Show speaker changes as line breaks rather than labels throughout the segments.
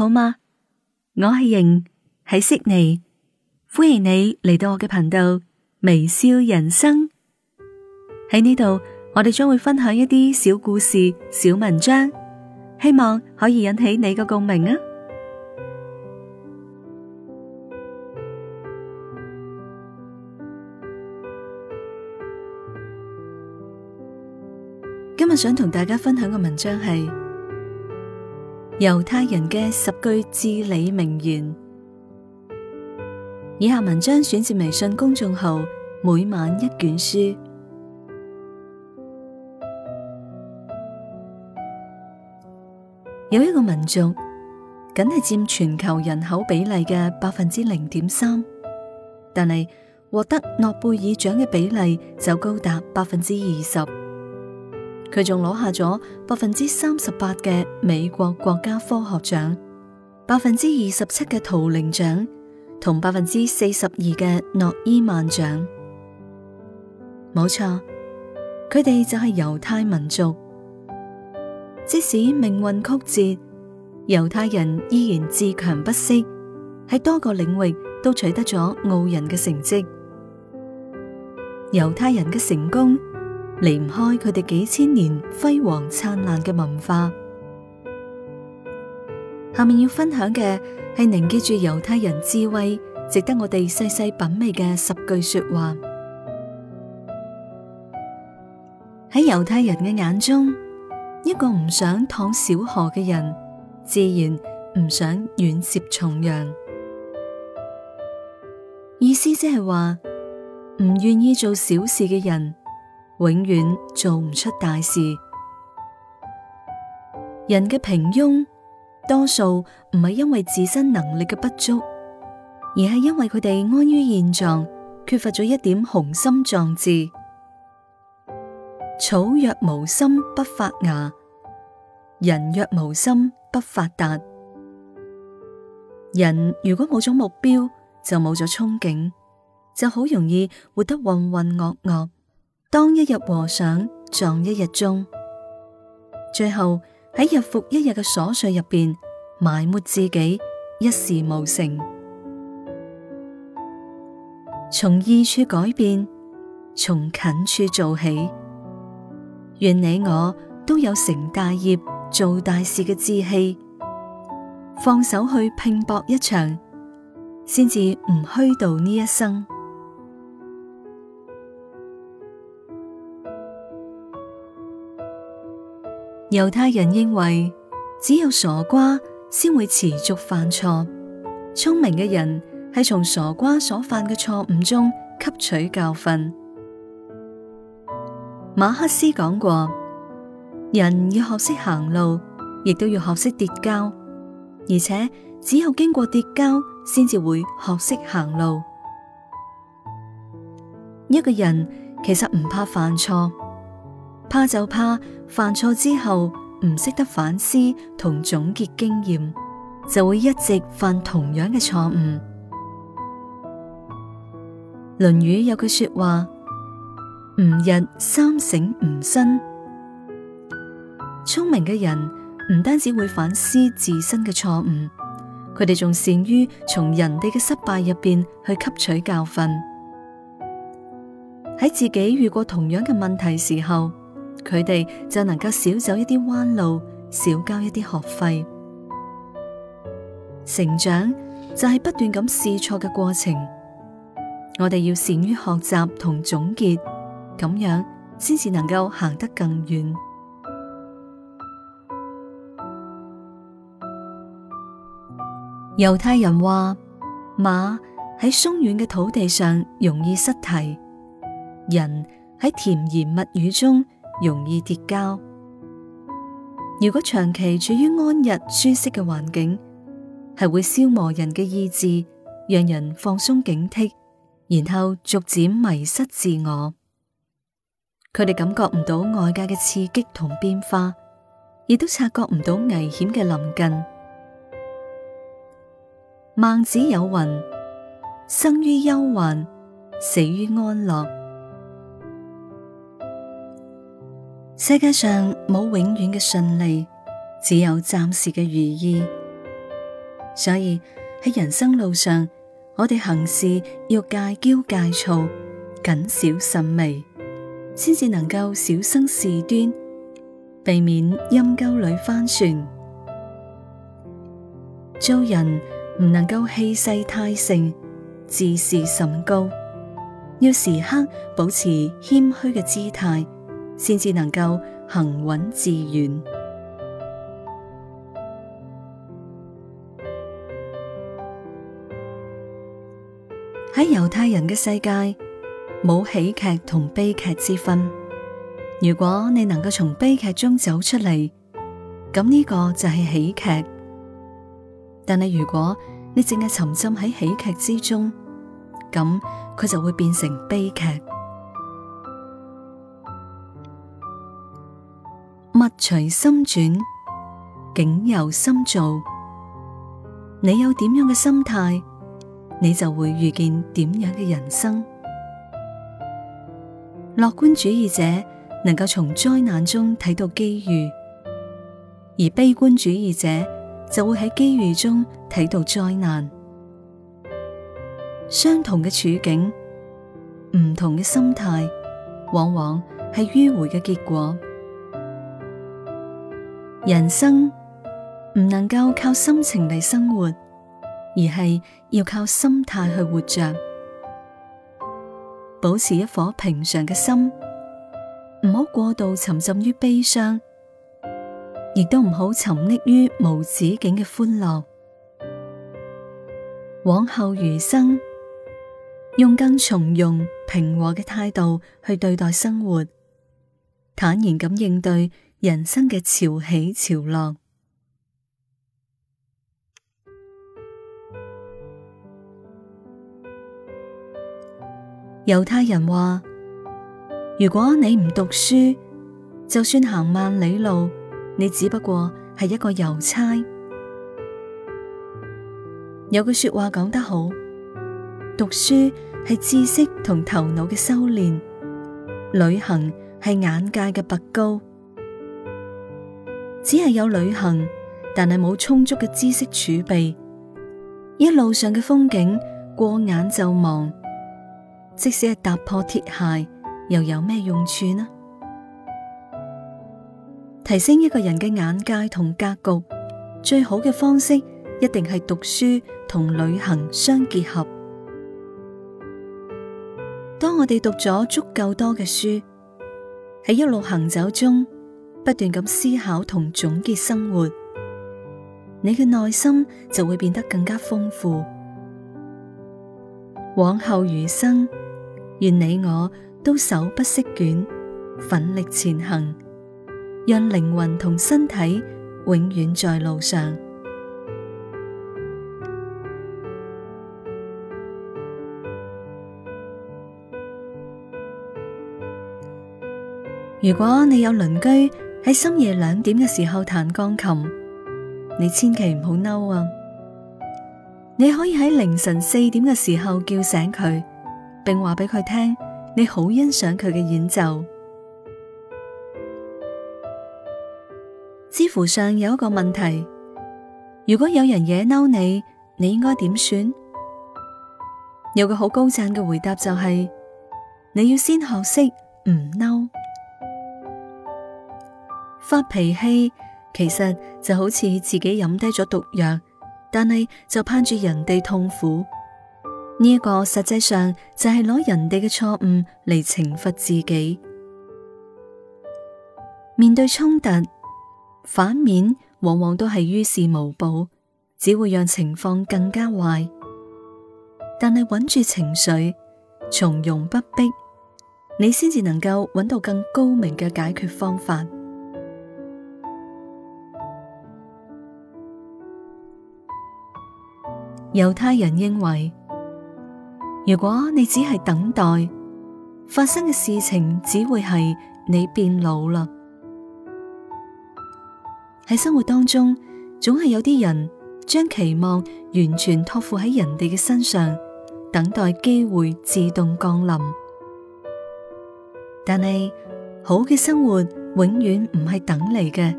好嗎？我係瑩，喺悉尼，歡迎你嚟到我嘅頻道微笑人生。喺呢度，我哋將會分享一啲小故事、小文章，希望可以引起你嘅共鳴啊！今日想同大家分享嘅文章係。猶太人嘅十句至理名言。以下文章選自微信公眾號每晚一卷書。有一個民族，僅係佔全球人口比例嘅百分之零點三，但係獲得諾貝爾獎嘅比例就高達百分之二十。佢仲攞下咗百分之三十八嘅美國國家科學獎，百分之二十七嘅圖靈獎，同百分之四十二嘅諾伊曼獎。冇錯，佢哋就係猶太民族。即使命運曲折，猶太人依然自強不息，喺多個領域都取得咗傲人嘅成績。猶太人嘅成功，離唔開佢哋幾千年輝煌燦爛嘅文化。下面要分享嘅係凝結住猶太人智慧，值得我哋細細品味嘅十句說話。喺猶太人嘅眼中，一個唔想淌小河嘅人，自然唔想遠涉重洋。意思即係話，唔願意做小事嘅人。永遠做唔出大事。人嘅平庸，多數唔係因為自身能力嘅不足，而係因為佢哋安於現狀，缺乏咗一點雄心壯志。草若無心不發芽，人若無心不發達。人如果冇咗目標，就冇咗憧憬，就好容易活得渾渾噩噩。當一日和尚撞一日鐘，最後喺日復一日嘅瑣碎入邊埋沒自己，一事無成。從易處改變，從近處做起，願你我都有成大業、做大事嘅志氣，放手去拼搏一場，先至唔虛度呢一生。猶太人認為，只有傻瓜先會持續犯錯，聰明嘅人係從傻瓜所犯嘅錯誤中吸取教訓。馬克思講過，人要學識行路，亦都要學識跌跤，而且只有經過跌跤，先至會學識行路。一個人其實唔怕犯錯。怕就怕犯錯之後唔識得反思同總結經驗，就會一直犯同樣嘅錯誤。《論語》有句說話：吾日三省吾身。聰明嘅人唔單止會反思自身嘅錯誤，佢哋仲善於從人哋嘅失敗入邊去吸取教訓。喺自己遇過同樣嘅問題時候，佢哋就能夠少走一啲彎路，少交一啲學費。成長就係不斷咁試錯嘅過程，我哋要善於學習同總結，咁樣先至能夠行得更遠。猶太人話：馬喺鬆軟嘅土地上容易失蹄，人喺甜言蜜語中。容易跌跤。如果長期處於安逸舒適嘅環境，係會消磨人嘅意志，讓人放鬆警惕，然後逐漸迷失自我。佢哋感覺唔到外界嘅刺激同變化，亦都察覺唔到危險嘅臨近。孟子有云：生於憂患，死於安樂。世界上冇永遠嘅順利，只有暫時嘅如意。所以喺人生路上，我哋行事要戒驕戒躁，謹小慎微，先至能夠少生事端，避免陰溝裏翻船。做人唔能夠氣勢太盛，自視甚高，要時刻保持謙虛嘅姿態。先至能夠行穩致遠。喺猶太人嘅世界，冇喜劇同悲劇之分。如果你能夠從悲劇中走出嚟，咁呢個就係喜劇。但係如果你淨係沉浸喺喜劇之中，咁佢就會變成悲劇。隨心轉，境由心造。你有點樣嘅心態，你就會遇見點樣嘅人生。樂觀主義者能夠從災難中睇到機遇，而悲觀主義者就會喺機遇中睇到災難。相同嘅處境，唔同嘅心態，往往係迂迴嘅結果。人生唔能夠靠心情嚟生活，而係要靠心態去活着。保持一顆平常嘅心，唔好過度沉浸於悲傷，亦都唔好沉溺於無止境嘅歡樂。往後餘生，用更從容平和嘅態度去對待生活，坦然咁應對。人生嘅潮起潮落。猶太人話：如果你唔讀書，就算行萬里路，你只不過係一個郵差。有句話說話講得好：讀書係知識同頭腦嘅修煉，旅行係眼界嘅拔高。只係有旅行，但係冇充足嘅知識儲備，一路上嘅風景過眼就忘。即使係踏破鐵鞋，又有咩用處呢？提升一個人嘅眼界同格局，最好嘅方式一定係讀書同旅行相結合。當我哋讀咗足夠多嘅書，喺一路行走中。不斷咁思考同總結生活，你嘅內心就會變得更加豐富。往後餘生，願你我都手不釋卷，奮力前行，讓靈魂同身體永遠在路上。如果你有鄰居，喺深夜兩點嘅時候彈鋼琴，你千祈唔好嬲啊！你可以喺凌晨四點嘅時候叫醒佢，並話俾佢聽你好欣賞佢嘅演奏。知 乎上有一個問題：如果有人惹嬲你，你應該點算？有個好高讚嘅回答就係、是：你要先學識唔嬲。發脾氣其實就好似自己飲低咗毒藥，但係就盼住人哋痛苦。呢、這、一個實際上就係攞人哋嘅錯誤嚟懲罰自己。面對衝突，反面往往都係於事無補，只會讓情況更加壞。但係穩住情緒，從容不迫，你先至能夠搵到更高明嘅解決方法。猶太人認為，如果你只係等待，發生嘅事情只會係你變老啦。喺生活當中，總係有啲人將期望完全託付喺人哋嘅身上，等待機會自動降臨。但係好嘅生活永遠唔係等嚟嘅，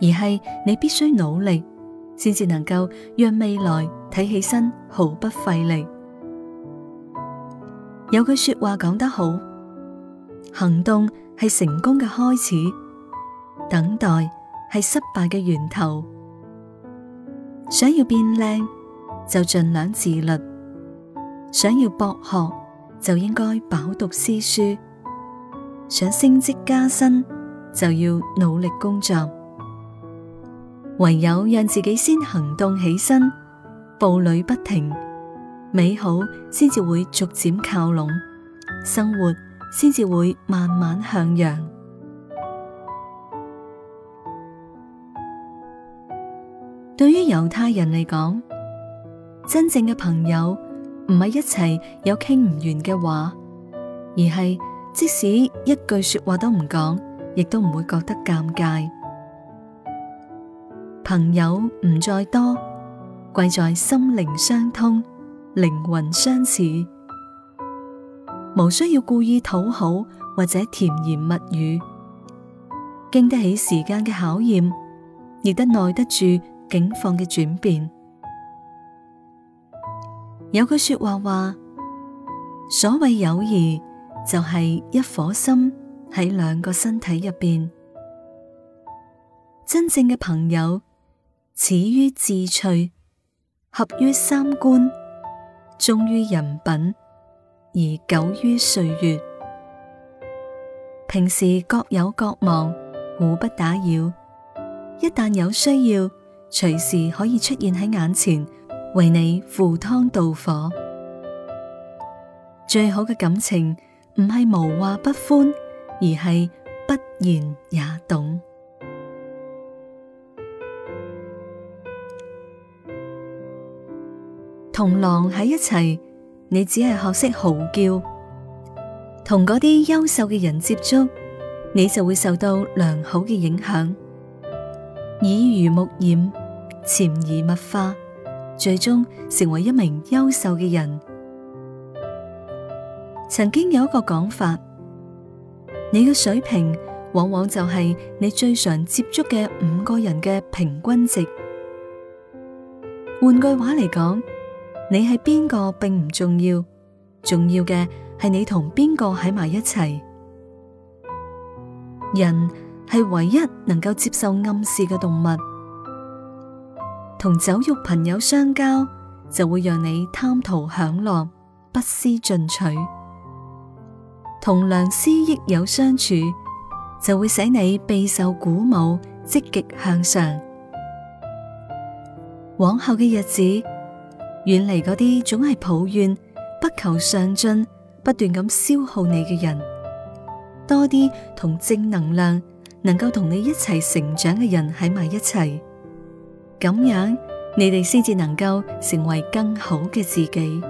而係你必須努力。Num 先至能夠讓未來睇起身毫不費力。有句說話講得好，行動係成功嘅開始，等待係失敗嘅源頭。想要變靚，就盡量自律；想要博學，就應該飽讀詩書；想升職加薪，就要努力工作。唯有讓自己先行動起身，步履不停，美好先至會逐漸靠攏，生活先至會慢慢向陽。對於猶太人嚟講，真正嘅朋友唔係一齊有傾唔完嘅話，而係即使一句說話都唔講，亦都唔會覺得尷尬。朋友唔再多，貴在心靈相通、靈魂相似，無需要故意討好或者甜言蜜語，經得起時間嘅考驗，亦得耐得住境況嘅轉變。有句說話話，所謂友誼就係一顆心喺兩個身體入邊，真正嘅朋友。始於智趣，合於三觀，忠於人品，而久於歲月。平時各有各忙，互不打擾。一旦有需要，隨時可以出現喺眼前，為你赴湯蹈火。最好嘅感情唔係無話不歡，而係不言也懂。同狼喺一齊，你只係學識嚎叫；同嗰啲優秀嘅人接觸，你就會受到良好嘅影響，耳濡目染，潛移默化，最終成為一名優秀嘅人。曾經有一個講法，你嘅水平往往就係你最常接觸嘅五個人嘅平均值。換句話嚟講。你係邊個並唔重要，重要嘅係你同邊個喺埋一齊。人係唯一能夠接受暗示嘅動物，同酒肉朋友相交就會讓你貪圖享樂、不思進取；同良師益友相處就會使你備受鼓舞、積極向上。往後嘅日子，遠離嗰啲總係抱怨、不求上進、不斷咁消耗你嘅人，多啲同正能量能夠同你一齊成長嘅人喺埋一齊，咁樣你哋先至能夠成為更好嘅自己。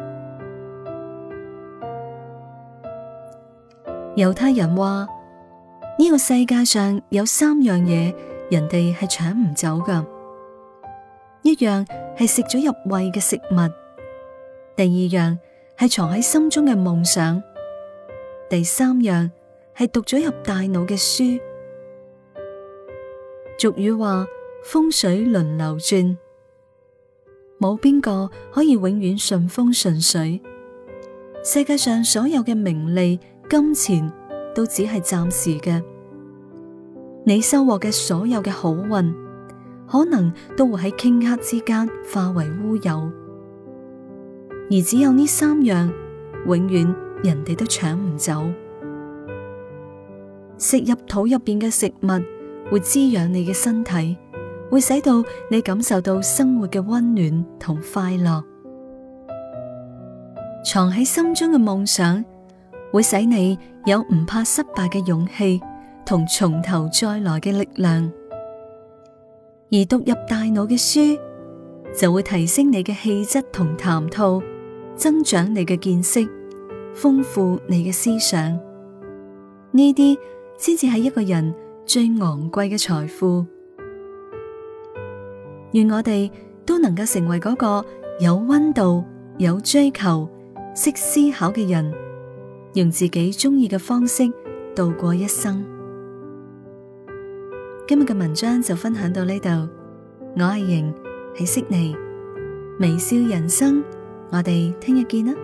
猶太人話呢個世界上有三樣嘢，人哋係搶唔走㗎，一樣。係食咗入胃嘅食物，第二樣係藏喺心中嘅夢想，第三樣係讀咗入大腦嘅書。俗語話，風水輪流轉，冇邊個可以永遠順風順水。世界上所有嘅名利、金錢都只係暫時嘅，你收穫嘅所有嘅好運。可能都會喺頃刻之間化為烏有，而只有呢三樣永遠人哋都搶唔走。食入肚入邊嘅食物會滋養你嘅身體，會使到你感受到生活嘅溫暖同快樂。藏喺心中嘅夢想，會使你有唔怕失敗嘅勇氣同從頭再來嘅力量。而讀入大腦嘅書，就會提升你嘅氣質同談吐，增長你嘅見識，豐富你嘅思想。呢啲先至係一個人最昂貴嘅財富。願我哋都能夠成為嗰個有溫度、有追求、識思考嘅人，用自己中意嘅方式度過一生。今日嘅文章就分享到呢度，我係瑩，喺悉尼微笑人生，我哋聽日見啦。